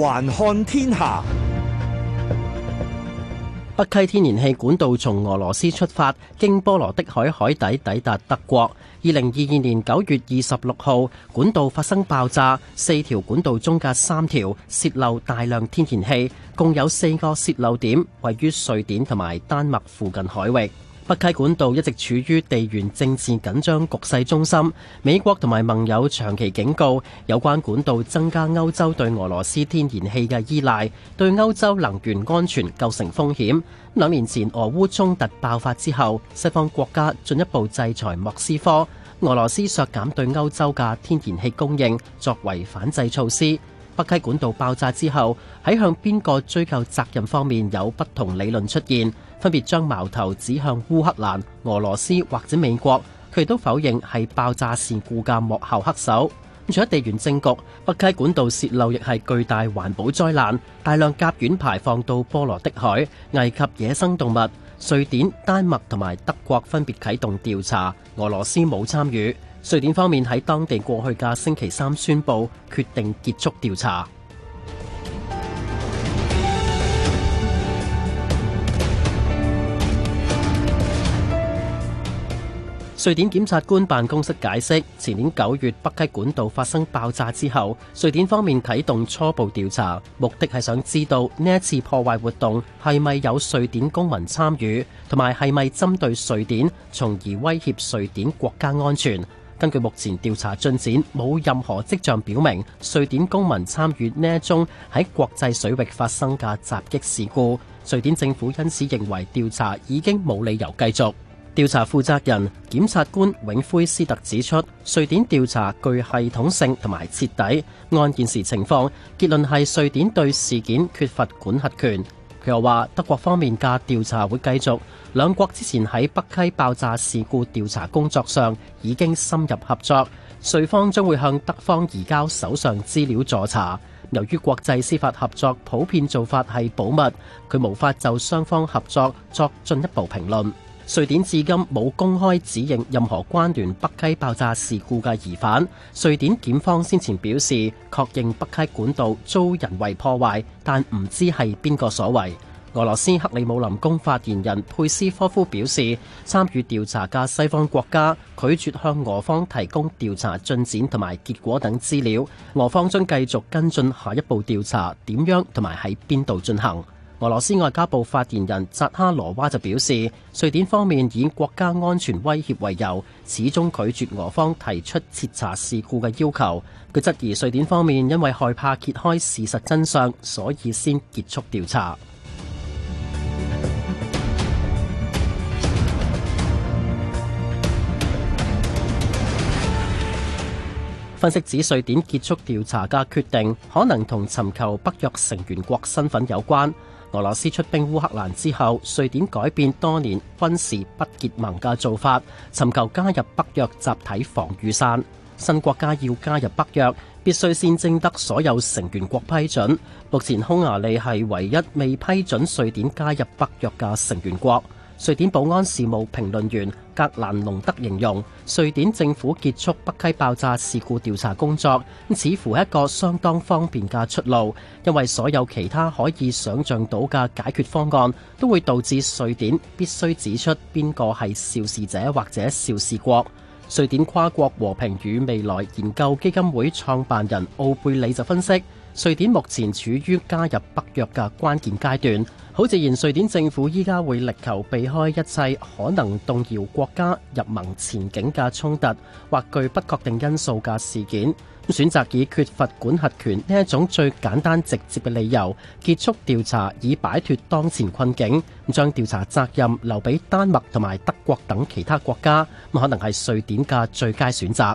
環看天下，北溪天然氣管道從俄羅斯出發，經波羅的海海底抵達德國。二零二二年九月二十六號，管道發生爆炸，四條管道中嘅三條洩漏大量天然氣，共有四個洩漏點位於瑞典同埋丹麥附近海域。北溪管道一直處於地緣政治緊張局勢中心，美國同埋盟友長期警告有關管道增加歐洲對俄羅斯天然氣嘅依賴，對歐洲能源安全構成風險，兩年前俄烏衝突爆發之後，西方國家進一步制裁莫斯科，俄羅斯削減對歐洲嘅天然氣供應，作為反制措施。北溪管道爆炸之後，喺向邊個追究責任方面有不同理論出現，分別將矛頭指向烏克蘭、俄羅斯或者美國，佢哋都否認係爆炸事故嘅幕後黑手。除咗地緣政局，北溪管道泄漏亦係巨大環保災難，大量甲烷排放到波羅的海，危及野生動物。瑞典、丹麥同埋德國分別啟動調查，俄羅斯冇參與。瑞典方面喺當地過去嘅星期三宣布決定結束調查。瑞典檢察官辦公室解釋，前年九月北溪管道發生爆炸之後，瑞典方面啟動初步調查，目的係想知道呢一次破壞活動係咪有瑞典公民參與，同埋係咪針對瑞典，從而威脅瑞典國家安全。根據目前調查進展，冇任何跡象表明瑞典公民參與呢一宗喺國際水域發生嘅襲擊事故。瑞典政府因此認為調查已經冇理由繼續。調查負責人檢察官永輝斯特指出，瑞典調查具系統性同埋徹底。按現時情況，結論係瑞典對事件缺乏管轄權。又話德國方面嘅調查會繼續，兩國之前喺北溪爆炸事故調查工作上已經深入合作，瑞方將會向德方移交手上資料助查。由於國際司法合作普遍做法係保密，佢無法就雙方合作作進一步評論。瑞典至今冇公開指認任何關聯北溪爆炸事故嘅疑犯。瑞典檢方先前表示，確認北溪管道遭人為破壞，但唔知係邊個所為。俄羅斯克里姆林宮發言人佩斯科夫表示，參與調查嘅西方國家拒絕向俄方提供調查進展同埋結果等資料。俄方將繼續跟進下一步調查點樣同埋喺邊度進行。俄羅斯外交部發言人扎哈羅娃就表示，瑞典方面以國家安全威脅為由，始終拒絕俄方提出徹查事故嘅要求。佢質疑瑞典方面因為害怕揭開事實真相，所以先結束調查。分析指，瑞典結束調查嘅決定可能同尋求北約成員國身份有關。俄羅斯出兵烏克蘭之後，瑞典改變多年軍事不結盟嘅做法，尋求加入北約集體防御傘。新國家要加入北約，必須先徵得所有成員國批准。目前，匈牙利係唯一未批准瑞典加入北約嘅成員國。瑞典保安事務評論員，格蘭隆德形容，瑞典政府結束北溪爆炸事故調查工作，似乎係一個相當方便嘅出路，因為所有其他可以想象到嘅解決方案都會導致瑞典必須指出邊個係肇事者或者肇事國。瑞典跨國和平與未來研究基金會創辦人奧貝里就分析。瑞典目前處於加入北約嘅關鍵階段，好自然，瑞典政府依家會力求避開一切可能動搖國家入盟前景嘅衝突或具不確定因素嘅事件，選擇以缺乏管轄權呢一種最簡單直接嘅理由結束調查，以擺脫當前困境，將調查責任留俾丹麥同埋德國等其他國家，可能係瑞典嘅最佳選擇。